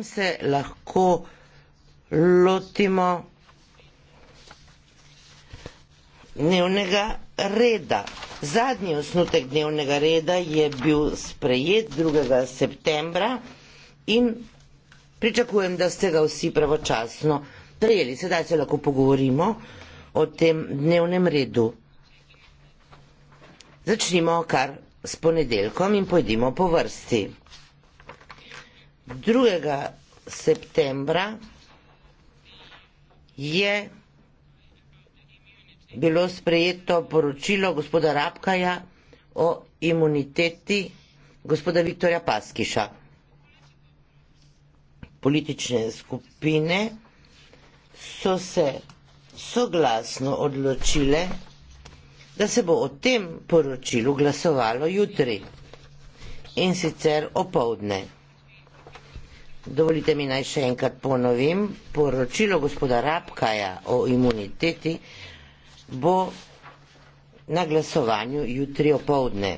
se lahko lotimo dnevnega reda. Zadnji osnutek dnevnega reda je bil sprejet 2. septembra in pričakujem, da ste ga vsi pravočasno prejeli. Sedaj se lahko pogovorimo o tem dnevnem redu. Začnimo kar s ponedeljkom in pojdimo po vrsti. 2. septembra je bilo sprejeto poročilo gospoda Rabkaja o imuniteti gospoda Viktorja Paskiša. Politične skupine so se soglasno odločile, da se bo o tem poročilu glasovalo jutri in sicer opovdne. Dovolite mi naj še enkrat ponovim. Poročilo gospoda Rabkaja o imuniteti bo na glasovanju jutri opovdne.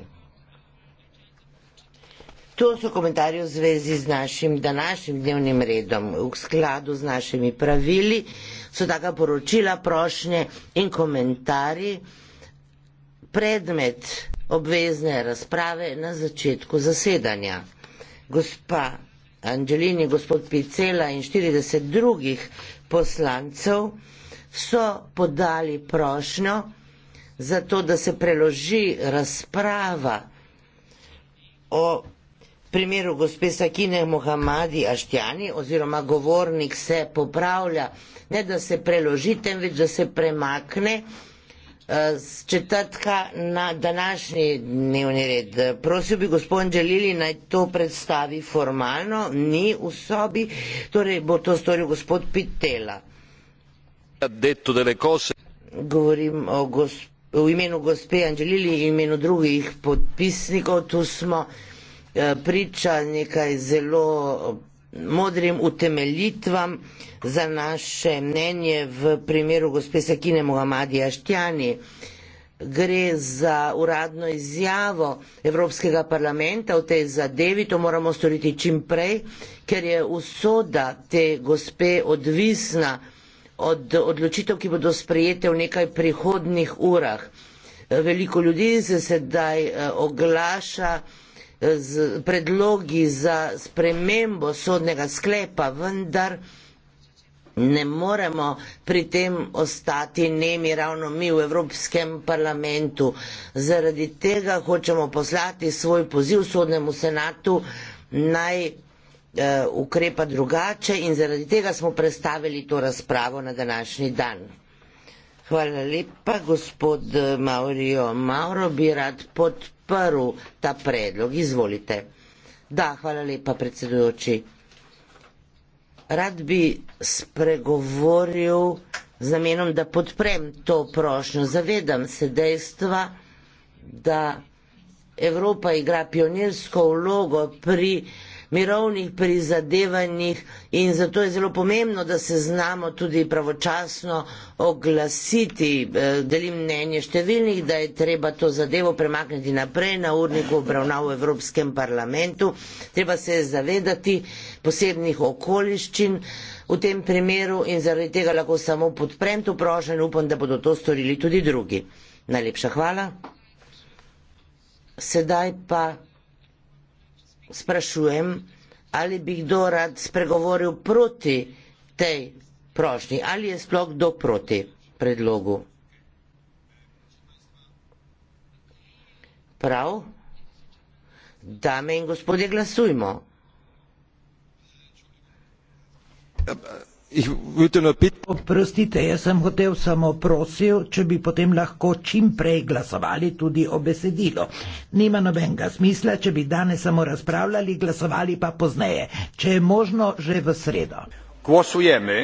To so komentarje v zvezi z našim današnjim dnevnim redom. V skladu z našimi pravili so taka poročila, prošnje in komentarji predmet obvezne razprave na začetku zasedanja. Gospa Angelini, gospod Picela in 40 drugih poslancev so podali prošnjo za to, da se preloži razprava o primeru gospe Sakine Mohamadi Aštjani oziroma govornik se popravlja, ne da se preloži, temveč da se premakne s eh, četrtka na današnji dnevni red. Prosil bi gospod Đelili naj to predstavi formalno, ni v sobi, torej bo to storil gospod Pitela. Govorim o gospodinu. V imenu gospe Anželili in imenu drugih podpisnikov tu smo eh, priča nekaj zelo modrim utemeljitvam za naše mnenje v primeru gospe Sakine Mohamadija Štjani. Gre za uradno izjavo Evropskega parlamenta v tej zadevi, to moramo storiti čim prej, ker je usoda te gospe odvisna od odločitev, ki bodo sprejete v nekaj prihodnih urah. Veliko ljudi se sedaj eh, oglaša, z predlogi za spremembo sodnega sklepa, vendar ne moremo pri tem ostati nemi ravno mi v Evropskem parlamentu. Zaradi tega hočemo poslati svoj poziv sodnemu senatu naj eh, ukrepa drugače in zaradi tega smo predstavili to razpravo na današnji dan. Hvala lepa, gospod eh, Maurio Mauro, bi rad pod podprl ta predlog. Izvolite. Da, hvala lepa, predsedujoči. Rad bi spregovoril z namenom, da podprem to prošnjo. Zavedam se dejstva, da Evropa igra pionirsko vlogo pri mirovnih prizadevanjih in zato je zelo pomembno, da se znamo tudi pravočasno oglasiti. Eh, delim mnenje številnih, da je treba to zadevo premakniti naprej na urniku obravnav v Evropskem parlamentu. Treba se zavedati posebnih okoliščin v tem primeru in zaradi tega lahko samo podprem to prošen, upam, da bodo to storili tudi drugi. Najlepša hvala. Sedaj pa sprašujem, ali bi kdo rad spregovoril proti tej prošnji, ali je sploh kdo proti predlogu. Prav? Dame in gospodje, glasujmo. Uh, uh. Ich würde nur bitten. Oprostite, jaz sem hotel samo prosil, če bi potem lahko čim prej glasovali tudi o besedilo. Nima nobenega smisla, če bi danes samo razpravljali, glasovali pa pozneje, če je možno že v sredo. Glasujemo.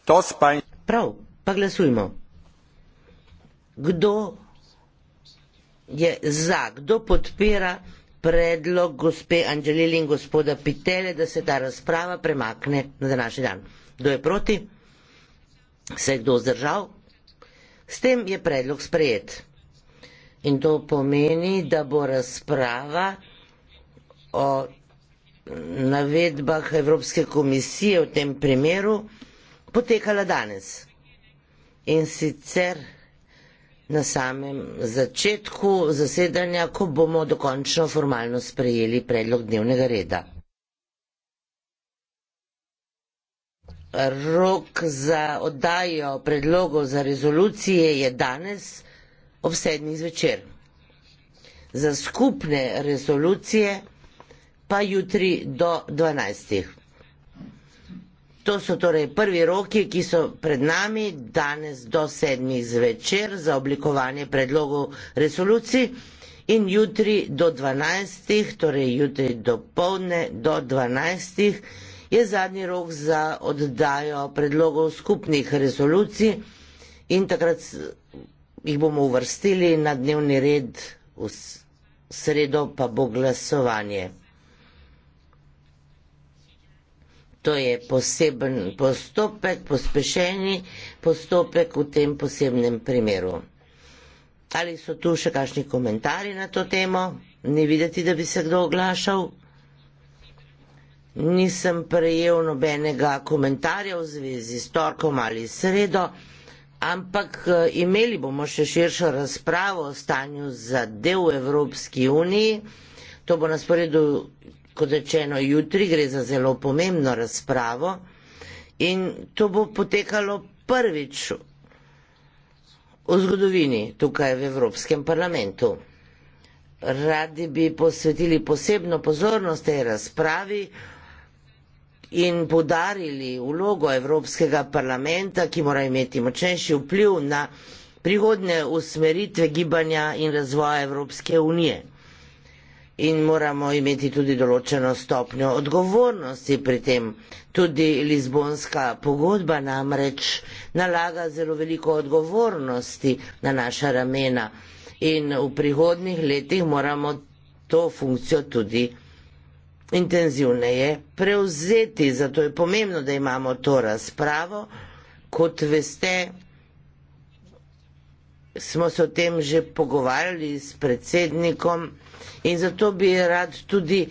Kdo spaj? Prav, pa glasujmo. Kdo je za, kdo podpira predlog gospe Anželili in gospoda Pitele, da se ta razprava premakne na današnji dan? Kdo je proti? Se je kdo zdržal? S tem je predlog sprejet. In to pomeni, da bo razprava o navedbah Evropske komisije v tem primeru potekala danes. In sicer na samem začetku zasedanja, ko bomo dokončno formalno sprejeli predlog dnevnega reda. rok za oddajo predlogov za rezolucije je danes ob sedmih zvečer. Za skupne rezolucije pa jutri do dvanajstih. To so torej prvi roki, ki so pred nami danes do sedmih zvečer za oblikovanje predlogov resolucij in jutri do dvanajstih, torej jutri do povdne do dvanajstih, je zadnji rok za oddajo predlogov skupnih rezolucij in takrat jih bomo uvrstili na dnevni red, v sredo pa bo glasovanje. To je poseben postopek, pospešeni postopek v tem posebnem primeru. Ali so tu še kakšni komentarji na to temo? Ni videti, da bi se kdo oglašal nisem prejel nobenega komentarja v zvezi s torkom ali sredo, ampak e, imeli bomo še širšo razpravo o stanju zadev v Evropski uniji. To bo na sporedu, kot rečeno, jutri, gre za zelo pomembno razpravo in to bo potekalo prvič v zgodovini tukaj v Evropskem parlamentu. Radi bi posvetili posebno pozornost tej razpravi, in podarili vlogo Evropskega parlamenta, ki mora imeti močnejši vpliv na prihodne usmeritve gibanja in razvoja Evropske unije. In moramo imeti tudi določeno stopnjo odgovornosti pri tem. Tudi Lizbonska pogodba namreč nalaga zelo veliko odgovornosti na naša ramena in v prihodnih letih moramo to funkcijo tudi intenzivneje prevzeti. Zato je pomembno, da imamo to razpravo. Kot veste, smo se o tem že pogovarjali s predsednikom in zato bi rad tudi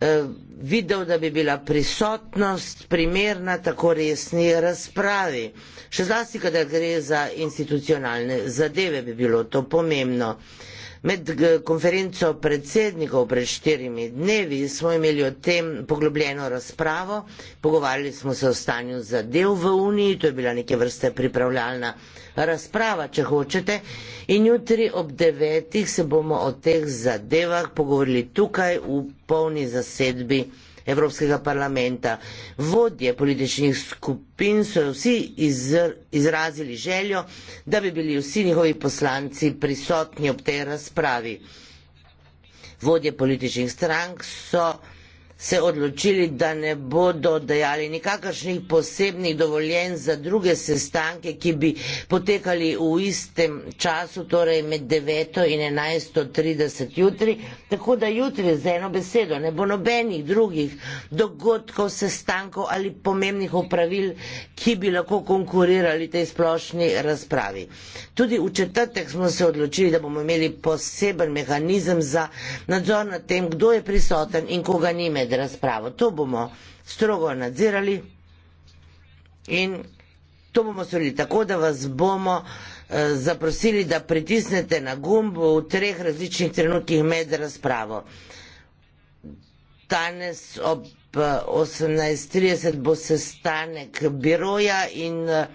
eh, videl, da bi bila prisotnost primerna tako resni razpravi. Še zlasti, kadar gre za institucionalne zadeve, bi bilo to pomembno. Eh, Med konferenco predsednikov pred štirimi dnevi smo imeli o tem poglobljeno razpravo, pogovarjali smo se o stanju zadev v Uniji, to je bila neke vrste pripravljalna razprava, če hočete. In jutri ob devetih se bomo o teh zadevah pogovorili tukaj v polni zasedbi. Evropskega parlamenta. Vodje političnih skupin so vsi izrazili željo, da bi bili vsi njihovi poslanci prisotni ob tej razpravi. Vodje političnih strank so se odločili, da ne bodo dejali nikakršnih posebnih dovoljenj za druge sestanke, ki bi potekali v istem času, torej med 9 in 11.30 jutri. Tako da jutri za eno besedo ne bo nobenih drugih dogodkov, sestankov ali pomembnih opravil, ki bi lahko konkurirali tej splošni razpravi. Tudi v četrtek smo se odločili, da bomo imeli poseben mehanizem za nadzor nad tem, kdo je prisoten in koga ni med med razpravo. To bomo strogo nadzirali in to bomo storili tako, da vas bomo eh, zaprosili, da pritisnete na gumb v treh različnih trenutkih med razpravo. Danes ob 18.30 eh, bo sestanek biroja in eh,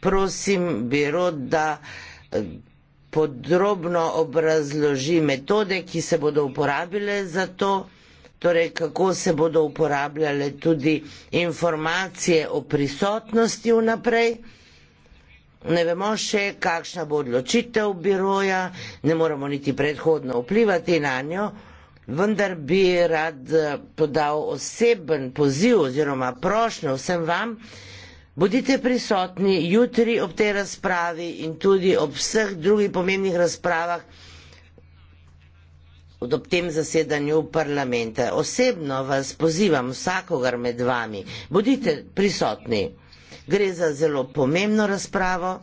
prosim biro, da podrobno obrazloži metode, ki se bodo uporabile za to torej kako se bodo uporabljale tudi informacije o prisotnosti vnaprej. Ne vemo še, kakšna bo odločitev biroja, ne moremo niti predhodno vplivati na njo, vendar bi rad eh, podal oseben poziv oziroma prošnjo vsem vam, bodite prisotni jutri ob tej razpravi in tudi ob vseh drugih pomembnih razpravah, ob tem zasedanju parlamenta. Osebno vas pozivam vsakogar med vami, bodite prisotni. Gre za zelo pomembno razpravo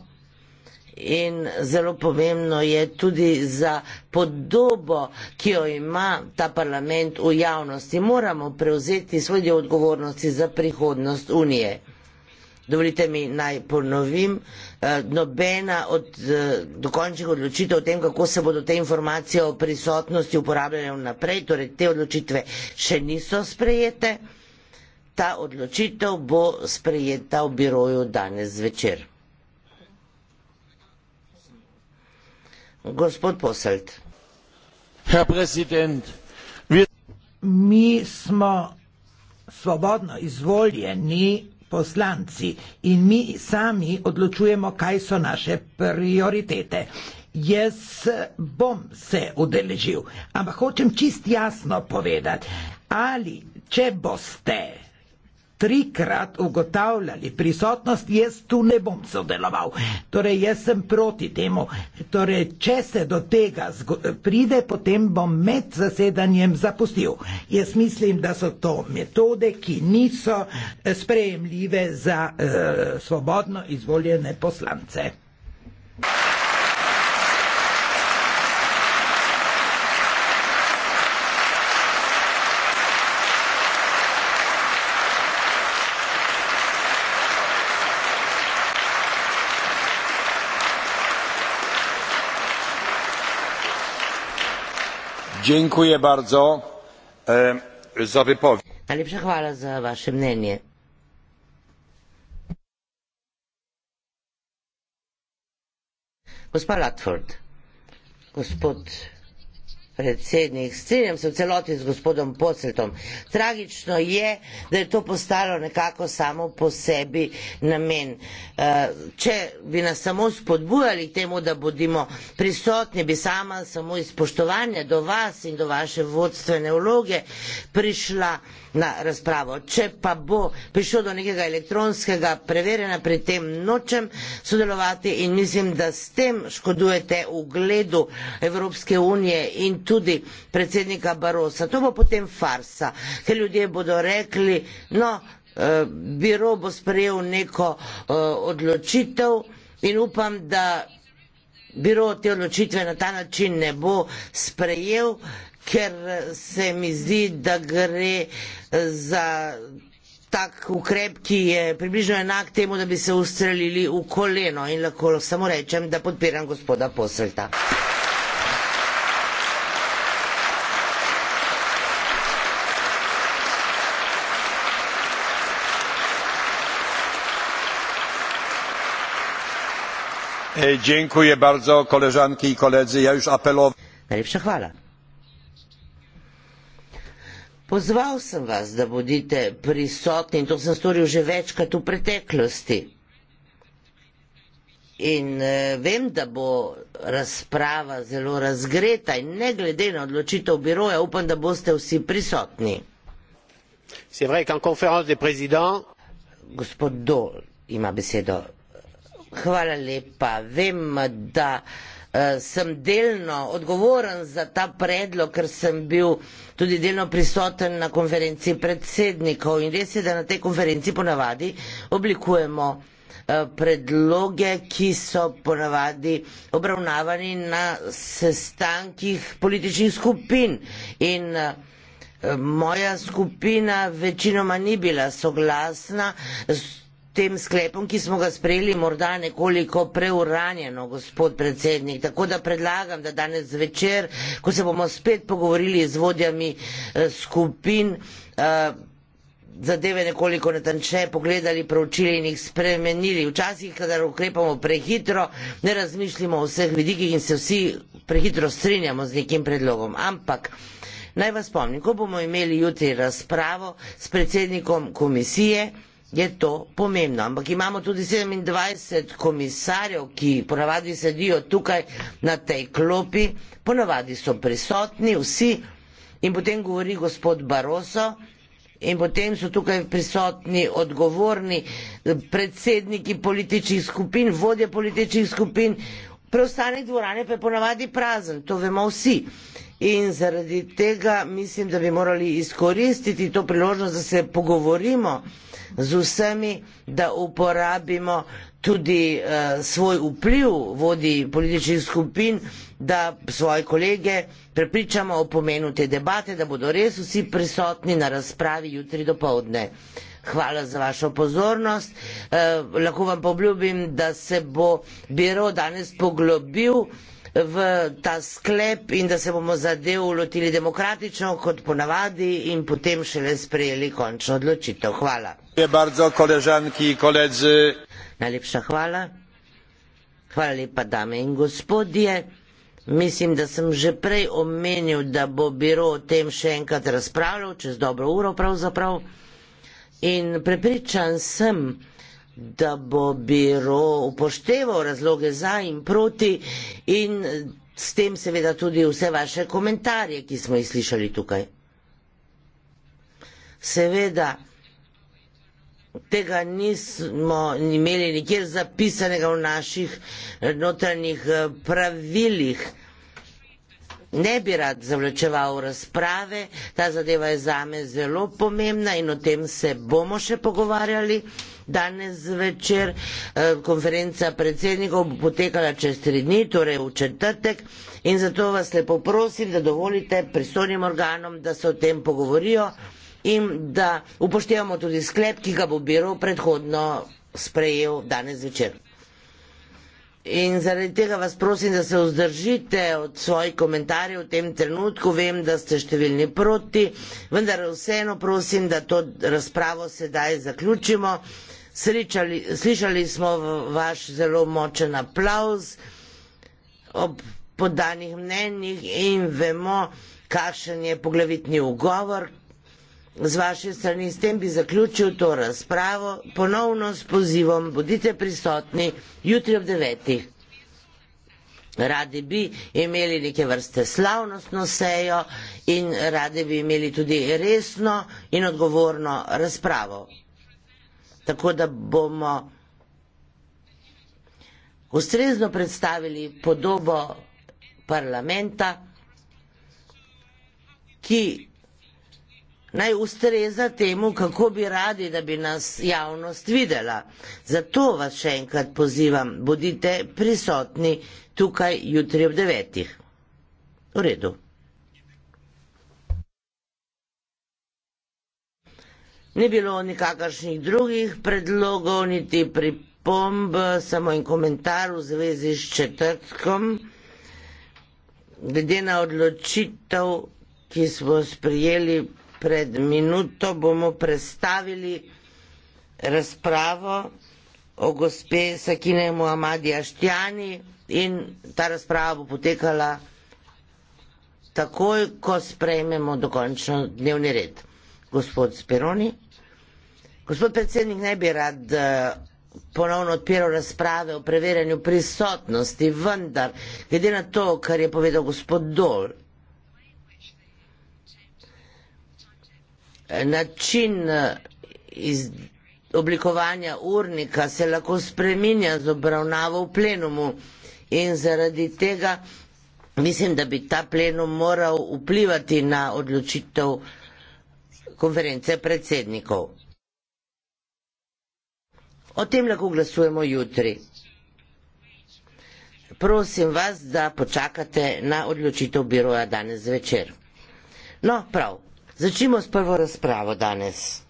in zelo pomembno je tudi za podobo, ki jo ima ta parlament v javnosti. Moramo prevzeti svoje odgovornosti za prihodnost Unije. Dovolite mi naj ponovim, eh, nobena od eh, dokončnih odločitev o tem, kako se bodo te informacije o prisotnosti uporabljale vnaprej, torej te odločitve še niso sprejete. Ta odločitev bo sprejeta v biroju danes zvečer. Gospod Poselt. Herr Präsident, wir... Mi smo svobodno izvoljeni poslanci in mi sami odločujemo, kaj so naše prioritete. Jaz bom se udeležil, ampak hočem čist jasno povedati, ali če boste trikrat ugotavljali prisotnost, jaz tu ne bom sodeloval. Torej, jaz sem proti temu. Torej, če se do tega pride, potem bom med zasedanjem zapustil. Jaz mislim, da so to metode, ki niso eh, sprejemljive za eh, svobodno izvoljene poslance. najlepša hvala za vaše mnenje gospa ludford gospod predsednik, strinjam se v celoti z gospodom Poseltom. Tragično je, da je to postalo nekako samo po sebi namen. Eh, če bi nas samo spodbujali temu, da bodimo prisotni, bi sama samo iz spoštovanja do vas in do vaše vodstvene vloge prišla na razpravo. Če pa bo prišlo do nekega elektronskega preverjena, pri tem nočem sodelovati in mislim, da s tem škodujete ugledu Evropske unije in tudi predsednika Barosa. To bo potem farsa, ker ljudje bodo rekli, no, eh, biro bo sprejel neko eh, odločitev in upam, da biro te odločitve na ta način ne bo sprejel, ker se mi zdi, da gre eh, za tak ukrep, ki je približno enak temu, da bi se ustrelili v koleno in lahko samo rečem, da podpiram gospoda Posrta. dziękuję bardzo koleżanki i koledzy ja już apelował Pozval sem vas, da bodite prisotni in to sem storil že večkrat v preteklosti. In eh, vem, da bo razprava zelo razgreta in ne glede na odločitev biroja, upam, da boste vsi prisotni. Vrej, gospod Dol ima besedo hvala lepa. Vem, da uh, sem delno odgovoren za ta predlog, ker sem bil tudi delno prisoten na konferenci predsednikov in res je, da na tej konferenci ponavadi oblikujemo eh, predloge, ki so ponavadi obravnavani na sestankih političnih skupin. In eh, moja skupina večinoma ni bila soglasna, tem sklepom, ki smo ga sprejeli, morda nekoliko preuranjeno, gospod predsednik. Tako da predlagam, da danes večer, ko se bomo spet pogovorili z vodjami eh, skupin, eh, zadeve nekoliko natančne pogledali, preučili in jih spremenili. Včasih, kadar ukrepamo prehitro, ne razmišljamo o vseh vidikih in se vsi prehitro strinjamo z nekim predlogom. Ampak. Naj vas spomnim, ko bomo imeli jutri razpravo s predsednikom komisije, je to pomembno. Ampak imamo tudi 27 komisarjev, ki ponavadi sedijo tukaj na tej klopi, ponavadi so prisotni vsi in potem govori gospod Baroso in potem so tukaj prisotni odgovorni predsedniki političnih skupin, vodje političnih skupin, preostanek dvorane pa je ponavadi prazen, to vemo vsi. In zaradi tega mislim, da bi morali izkoristiti to priložnost, da se pogovorimo z vsemi, da uporabimo tudi uh, svoj vpliv vodi političnih skupin, da svoje kolege prepričamo o pomenu te debate, da bodo res vsi prisotni na razpravi jutri do povdne. Uh, Hvala za vašo pozornost. Eh, lahko vam obljubim, da se bo biro danes poglobil v ta sklep in da se bomo zadev lotili demokratično, kot ponavadi, in potem šele sprejeli končno odločitev. Hvala. Najlepša hvala. Hvala lepa, dame in gospodje. Mislim, da sem že prej omenil, da bo biro o tem še enkrat razpravljal, čez dobro uro pravzaprav. Prav. In prepričan sem, da bo biro upošteval razloge za in proti in s tem seveda tudi vse vaše komentarje, ki smo jih slišali tukaj. Seveda, tega nismo imeli nikjer zapisanega v naših notranjih eh, pravilih ne bi rad zavlačeval razprave, ta zadeva je zame zelo pomembna in o tem se bomo še pogovarjali. Danes zvečer e, konferenca predsednikov bo potekala čez tri dni, torej v četrtek in zato vas lepo prosim, da dovolite pristojnim organom, da se o tem pogovorijo in da upoštevamo tudi sklep, ki ga bo biro predhodno sprejel danes zvečer. In zaradi tega vas prosim, da se vzdržite od svojih komentarjev v tem trenutku. Vem, da ste številni proti, vendar vseeno prosim, da to razpravo sedaj zaključimo. Sličali, slišali smo vaš zelo močen aplauz ob podanih mnenjih in vemo, kakšen je poglavitni ugovor, z vaše strani, s tem bi zaključil to razpravo, ponovno s pozivom, bodite prisotni jutri ob devetih. Radi bi imeli neke vrste slavnostno sejo in radi bi imeli tudi resno in odgovorno razpravo. Tako da bomo ustrezno predstavili podobo parlamenta, ki naj ustreza temu, kako bi radi, da bi nas javnost videla. Zato vas še enkrat pozivam, bodite prisotni tukaj jutri ob devetih. V redu. Ni bilo nikakršnih drugih predlogov, niti pripomb, samo en komentar v zvezi s četrtkom. Glede na odločitev, ki smo sprijeli pred minuto bomo predstavili razpravo o gospe Sakine Muhamadi Aštjani in ta razprava bo potekala takoj, ko sprejmemo dokončno dnevni red. Gospod Speroni. Gospod predsednik, ne bi rad eh, ponovno odpiral razprave o preverjanju prisotnosti, vendar, glede na to, kar je povedal gospod Dol, način eh, iz oblikovanja urnika se lahko spreminja z obravnavo v plenumu in zaradi tega mislim, da bi ta plenum moral vplivati na odločitev konference predsednikov. O tem lahko glasujemo jutri. Prosim vas, da počakate na odločitev biroja danes večer. No, prav. Začnimo s prvo razpravo danes.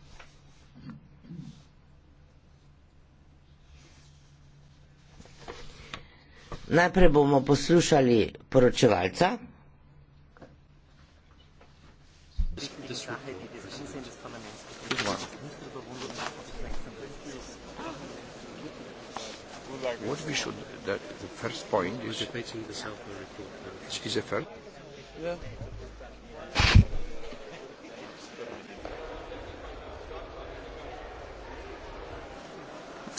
Najprej bomo poslušali poročevalca. What we should the, the first point is debating the Salisbury report. Is it fair? Yeah.